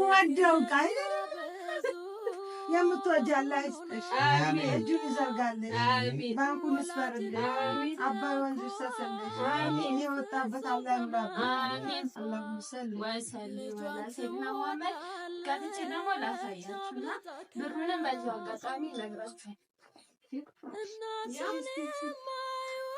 ወደው ቃል የምትወዳላ ይስጥሽ፣ እጁን ይዘርጋልሽ፣ ባንኩን ይስፈርልሽ፣ አባይ ወንዝ ይፍሰስልሽ፣ የወጣበት አላ ይሙላብሽ።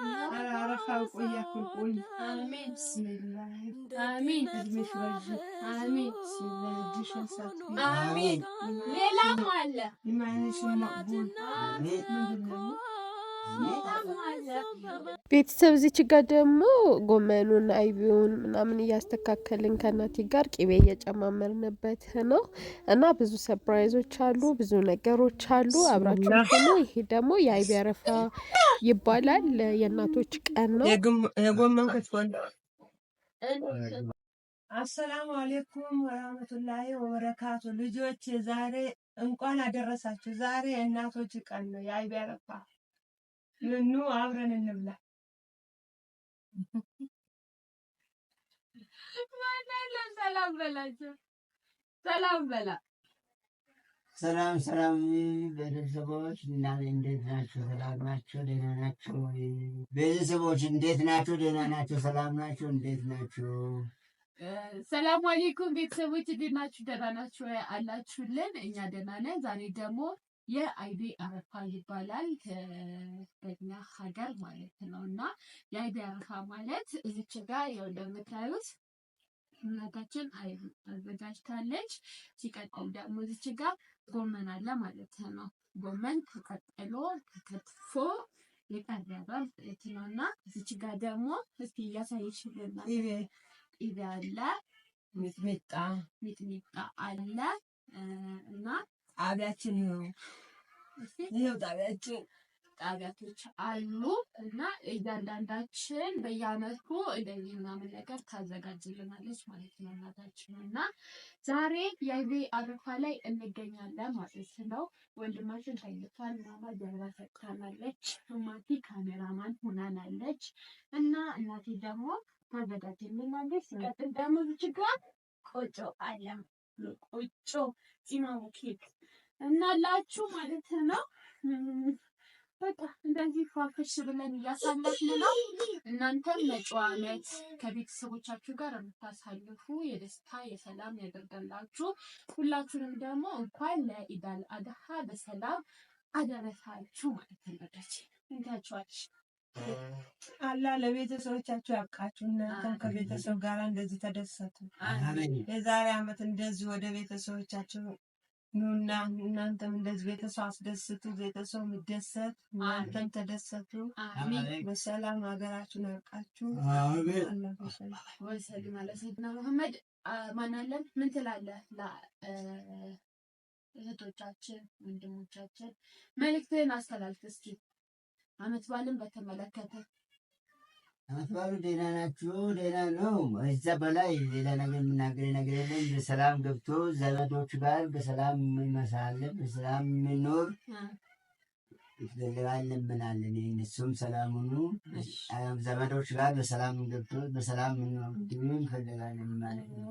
أنا أعرفها وإياكم كلنا آمين بسم الله آمين እድሜ ይባርክ آمين بسم الله እጅሽን ሰፊ آمين ሌላም አለ ኢማንሽን መቅቡል آمين ምንድን ነው ሌላም አለ ቤተሰብ እዚች ጋር ደግሞ ጎመኑን አይቢውን ምናምን እያስተካከልን ከእናቴ ጋር ቂቤ እየጨማመርንበት ነው እና ብዙ ሰፕራይዞች አሉ፣ ብዙ ነገሮች አሉ። አብራችሁ ሆኖ ይሄ ደግሞ የአይቢ አረፋ ይባላል። የእናቶች ቀን ነው። የጎመን ክትፎን አሰላሙ አሌይኩም ወራህመቱላሂ ወበረካቱ። ልጆች ዛሬ እንኳን አደረሳችሁ። ዛሬ የእናቶች ቀን ነው የአይቢ አረፋ ኑ አብረን እንብላ። ማናለም ሰላም በላቸው። ሰላም በላ። ሰላም ሰላም ቤተሰቦች፣ እና እንዴት ናቸው? ሰላም ናቸው? ደህና ናቸው? ቤተሰቦች እንዴት ናቸው? ደህና ናቸው? ሰላም ናቸው? እንዴት ናቸው? ሰላም አለይኩም ቤተሰቦች፣ እንዴት ናችሁ? ደህና ናችሁ አላችሁልን? እኛ ደህና ነን። ዛሬ ደግሞ የአይቤ አረፋ ይባላል በኛ ሀገር ማለት ነው። እና የአይቤ አረፋ ማለት እዚች ጋር ያው እንደምታዩት እናታችን አይብ አዘጋጅታለች። ሲቀጥል ደግሞ እዚች ጋር ጎመን አለ ማለት ነው። ጎመን ተቀጥሎ ተከትፎ የቀረበ ማለት ነው። እና እዚች ጋር ደግሞ እስኪ እያሳየችልና ኢቤ አለ፣ ሚጥሚጣ ሚጥሚጣ አለ እና ጣቢያችን ነው። ይኸው ጣቢያችን ጣቢያቶች አሉ እና እያንዳንዳችን በየአመቱ እንደዚህ ምናምን ነገር ታዘጋጅልናለች ማለት ነው እናታችን። እና ዛሬ የአይቤ አረፋ ላይ እንገኛለን ማለት ነው። ወንድማችን ተኝቷል። ማማ ጀርባ ሰጥታናለች። ካሜራማን እና እናቴ ደግሞ ታዘጋጅልናለች። ሲቀጥል ደግሞ ዝችጋ ቆጮ አለም ቆጮ ፂማሙ ኬክ እናላችሁ ማለት ነው። በቃ እንደዚህ ፏፈሽ ብለን እያሳለፍን ነው። እናንተም መጪው ዓመት ከቤተሰቦቻችሁ ጋር የምታሳልፉ የደስታ የሰላም ያደርገላችሁ። ሁላችሁንም ደግሞ እንኳን ለኢዳል አድሃ በሰላም አደረሳችሁ ማለት ነው። እንታችኋለሽ አላ ለቤተሰቦቻችሁ ያብቃችሁ። እናንተም ከቤተሰብ ጋር እንደዚህ ተደሰቱ። የዛሬ ዓመት እንደዚህ ወደ ቤተሰቦቻችሁ ኑና እናንተም እንደዚህ ቤተሰብ አስደስቱ፣ ቤተሰብ ምደሰት፣ እናንተም ተደሰቱ። በሰላም ሀገራችሁን አብቃችሁ። ወሰላም አለ ሰይድና መሐመድ። ማናለን ምን ትላለህ? እህቶቻችን ወንድሞቻችን መልእክትን አስተላልፍ እስኪ አመት በዓልን በተመለከተ አመትባሉ ደህና ናችሁ? ደህና ነው። እዛ በላይ ሌላ ነገር የምናገር ነገር የለም። በሰላም ገብቶ ዘመዶች ጋር በሰላም እንመሳለን፣ በሰላም የምኖር እንለምናለን። እነሱም ሰላም ሁኑ። ዘመዶች ጋር በሰላም ገብቶ በሰላም እንኖር እንፈልጋለን ማለት ነው።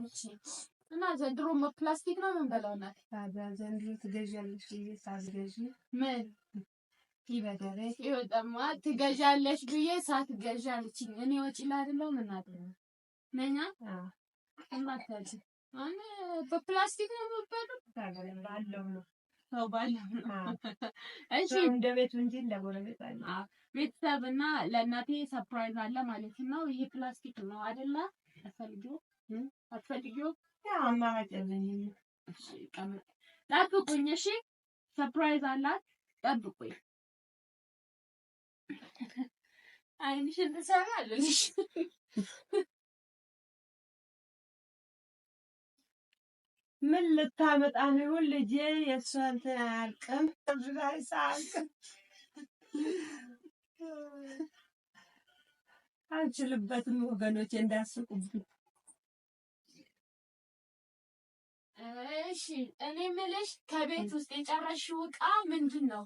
እና ዘንድሮ ፕላስቲክ ነው ምን በላውናል። ታዲያ ዘንድሮ ትገዣለሽ? ታስገዢ ምን ይበደረሽ ይወጣማ ትገዣለሽ ብዬ ሳትገዢ አለችኝ። እኔ ወጪ ነኛ አሁን በፕላስቲክ ነው ባለው ነው ባለው ነው። እሺ እንደ ቤቱ እንጂ ቤተሰብ እና ለእናቴ ሰርፕራይዝ አለ ማለት ነው። ይሄ ፕላስቲክ ነው ጠብቁኝ። እሺ ሰርፕራይዝ አላት ጠብቁኝ። አይንሽን ትሰማለሽ። ምን ልታመጣ ነው ልጄ? የእሷ እንትን አያልቅም። አንችልበትም ወገኖች እንዳስቁብኝ። እሺ እኔ የምልሽ ከቤት ውስጥ የጨረሽው እቃ ምንድን ነው?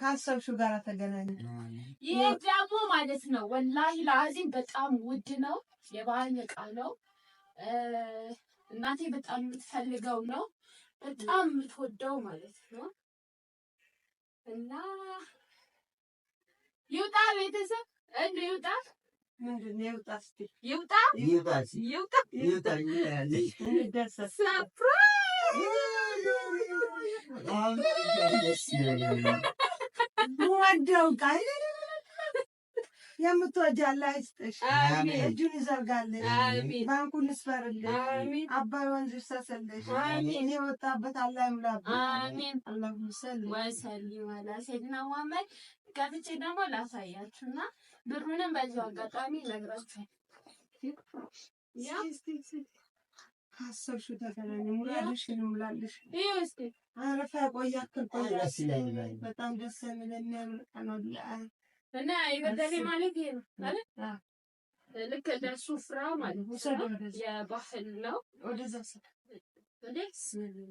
ካሰብሽው ጋር ተገናኘ። ይህ ደግሞ ማለት ነው ወላሂ ለአዚም በጣም ውድ ነው፣ የባህል እቃ ነው። እናቴ በጣም የምትፈልገው ነው፣ በጣም የምትወደው ማለት ነው። እና ይውጣ ቤተሰብ እንደ ይውጣ ምንድን ነው ይውጣ ይውጣ ይውጣ ይውጣ ይውጣ ይውጣ ወደው ቃል የምትወጂው አላህ ይስጥሽ። እጁን ይዘርጋልሽ። ባንኩን ይስፈርልሽ። አባይ ወንዝ ይፍሰስልሽ። እኔ ወጣበት ይሙላብሽ። ከፍቼ ደግሞ ላሳያችሁ እና ብሩንም በዚሁ አጋጣሚ ይነግራችኋል። አሰብሽበት እሙላለሽ እሙላለሽ ይኸው እስኪ አረፋ ቆይ ያክል ቆይ በጣም ደስ የሚል የሚያምር ቀን እና ይበደሌ ማለት ይሄ ነው አይደል? ልክ እንደ ሱፍራ ማለት ነው። የባህል ነው። ወደዛ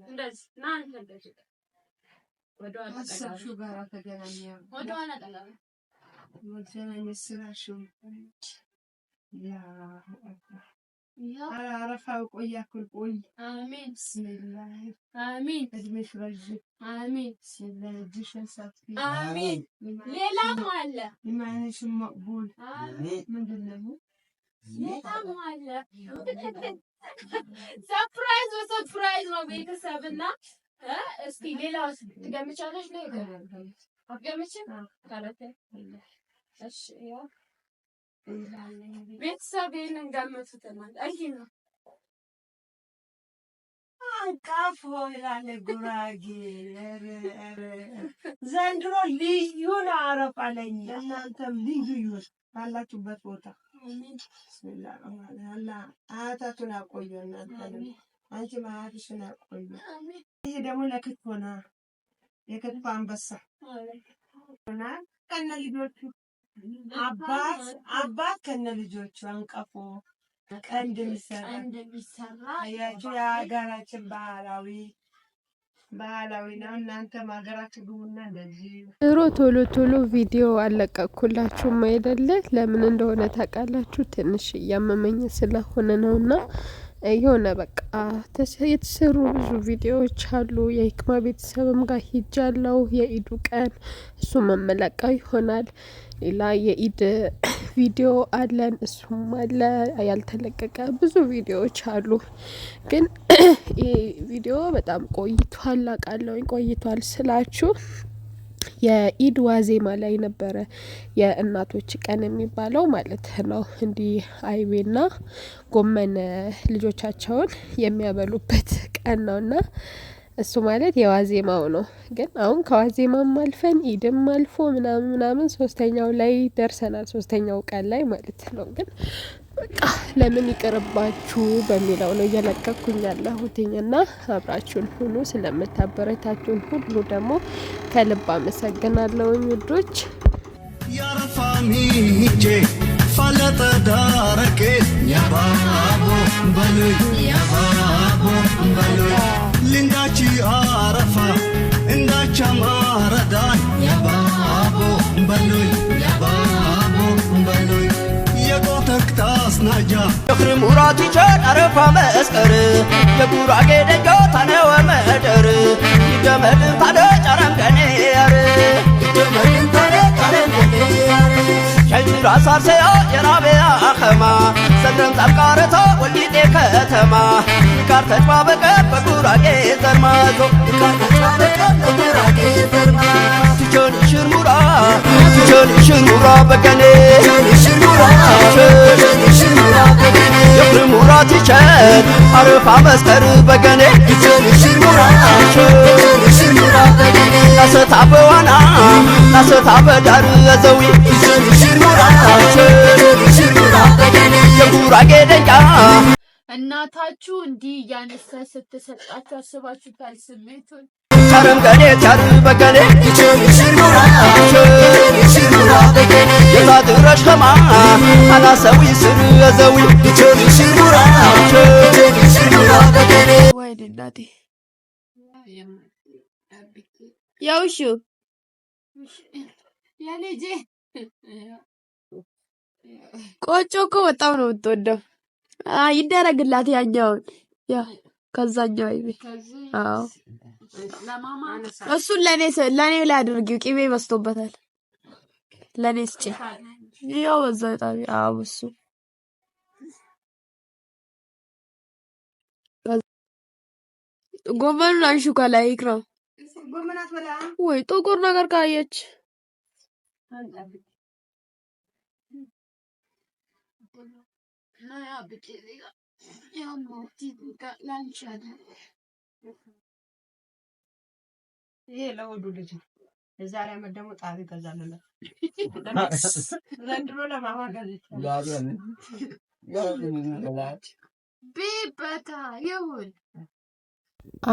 እንደዚህ ና አንተ እንደዚህ ወደኋላ ጋር ተገናኘ። ወደኋላ ጠጋ መገናኘት ስራሽ ያ أنا أعرفها وبقول ياكل بقول آمين بسم الله آمين أدمش رجل آمين بسم الله أدمش أنسات فيه آمين ليلة مولى لمعنى شو مقبول آمين من دلمو ليلة مولى سبرايز وسبرايز ما بيكسبنا ها እስቲ ሌላ ትገምቻለሽ? ነው ገምቼ ካለተ እሺ ያው ቤተሰብ ይህን እንዳመቱት ይሄ ነው አንቃፎ ይላል ጉራጌ። ዘንድሮ ልዩ ነው አረፋ እናንተም ልዩ ይሁን ባላችሁበት ቦታ አያታቱን አቆዩ። እናንተንም አንቺም አያትሽን አቆዩ። ይሄ ደግሞ ለክትፎ ነው፣ የክትፎ አንበሳ ከነ ልጆቹ አባት አባት ከነ ልጆቹ አንቀፎ ቀንድ የሚሰራ የሀገራችን ባህላዊ ባህላዊ ነው። እናንተም ሀገራችሁ ግቡና እንደዚህ ድሮ ቶሎ ቶሎ ቪዲዮ አለቀኩላችሁም አይደለ? ለምን እንደሆነ ታውቃላችሁ? ትንሽ እያመመኝ ስለሆነ ነውና የሆነ በቃ የተሰሩ ብዙ ቪዲዮዎች አሉ። የህክማ ቤተሰብም ጋር ሂጃለው። የኢዱ ቀን እሱ መመለቀው ይሆናል። ሌላ የኢድ ቪዲዮ አለን፣ እሱም አለ ያልተለቀቀ ብዙ ቪዲዮዎች አሉ። ግን ይህ ቪዲዮ በጣም ቆይቷል፣ አቃለውኝ ቆይቷል ስላችሁ የኢድ ዋዜማ ላይ ነበረ የእናቶች ቀን የሚባለው ማለት ነው። እንዲህ አይቤና ጎመን ልጆቻቸውን የሚያበሉበት ቀን ነውና እሱ ማለት የዋዜማው ነው። ግን አሁን ከዋዜማም አልፈን ኢድም አልፎ ምናምን ምናምን ሶስተኛው ላይ ደርሰናል። ሶስተኛው ቀን ላይ ማለት ነው ግን በቃ ለምን ይቅርባችሁ በሚለው ነው እየለቀኩኝ ያለሁትኝ እና አብራችሁን ሁኑ። ስለምታበረታችሁን ሁሉ ደግሞ ከልብ አመሰግናለሁኝ ውዶች። ያባቦ ልንጋቺ አረፋ እንዳቻም አረዳን ያባቦ በሎይ ያባቦ በሎይ የቆተክታ አስናያ የኽሪ ሙራት ይቸን አረፋ መስቀር የጉራጌ ደጆ ታነወ መደር ይደመድ ታደ ጨረም ገኔር ይደመድ የራቤያ አኸማ ሰድረም ጣብቃረታ ወልቂጤ ከተማ ይቃር ተጭባበቀ በጉራጌ ዘርማዞ ትቸን ሽርሙራ ትቸን ሽርሙራ በገኔ አርፋ መስከር በገኔ ናሰታ በዋና ናሰታ በዳር ዘዊ የጉራጌ ደንቃ እናታችሁ እንዲህ እያነሳ ስትሰጣችሁ አስባችሁታል ስሜቱን ቻረም ገኔ ቻር በገኔ የታድረሽ ከማ አናሰዊ ስር ዘዊ ወይኔ እናቴ ያው እሺ ቆጮ እኮ በጣም ነው የምትወደው። ይደረግላት ያኛውን ከዛኛው አይቤ እሱን ለእኔ ለእኔ ላይ አድርጊው። ቅቤ በዝቶበታል። ለእኔ ስጭ። ያው በዛ ጣቢ አዎ ጎመኑን አንሺው ከላይ ይክራም ወይ ጥቁር ነገር ካየች ይሄ ለወዱ ልጅ የዛሬ ዓመት ደግሞ ጣቢ ገዛለሁ። ዘንድሮ ለማማገል ቤበታ ይሁን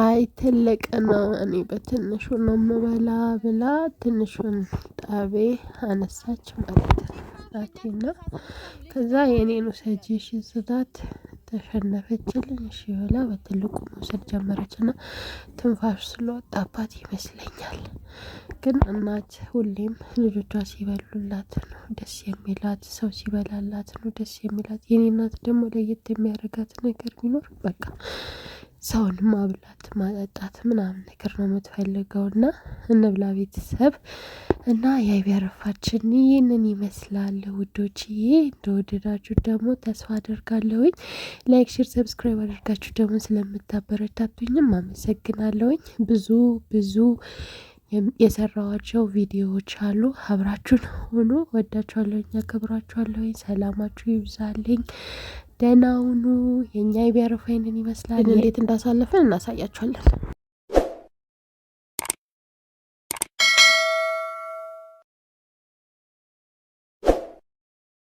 አይ ትልቅ ነው እኔ በትንሹ ነው የምበላ ብላ ትንሹን ጣቤ አነሳች ማለት ናቴና ከዛ የኔን ውሰጂ እሺ ስላት ተሸነፈችልኝ። እሺ ብላ በትልቁ መውሰድ ጀመረች ና ትንፋሽ ስለወጣባት ይመስለኛል። ግን እናት ሁሌም ልጆቿ ሲበሉላት ነው ደስ የሚላት፣ ሰው ሲበላላት ነው ደስ የሚላት። የኔ እናት ደግሞ ለየት የሚያደርጋት ነገር ቢኖር በቃ ሰውን ማብላት ማጠጣት ምናምን ነገር ነው የምትፈልገው። እና እንብላ ቤተሰብ እና የቢያረፋችን ይህንን ይመስላል ውዶችዬ። እንደወደዳችሁ ደግሞ ተስፋ አደርጋለሁኝ። ላይክ፣ ሼር፣ ሰብስክራይብ አድርጋችሁ ደግሞ ስለምታበረታቱኝም አመሰግናለሁኝ። ብዙ ብዙ የሰራዋቸው ቪዲዮዎች አሉ። አብራችሁን ሆኑ። ወዳችኋለሁኝ፣ አከብራችኋለሁኝ። ሰላማችሁ ይብዛልኝ። ደህና ሁኑ። የእኛ የቢያረፋይንን ይመስላል እንዴት እንዳሳለፈን እናሳያችኋለን።